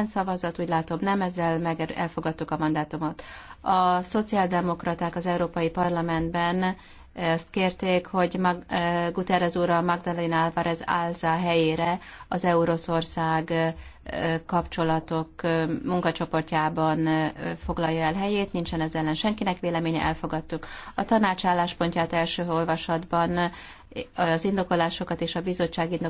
ellen szavazat, úgy látom nem, ezzel meg elfogadtuk a mandátumot. A szociáldemokraták az Európai Parlamentben eh, ezt kérték, hogy Mag- eh, Guterres a Magdalena Álvarez Álza helyére az Euroszország eh, kapcsolatok munkacsoportjában foglalja el helyét, nincsen ez ellen senkinek véleménye, elfogadtuk. A tanács álláspontját első olvasatban az indokolásokat és a bizottság indokolásokat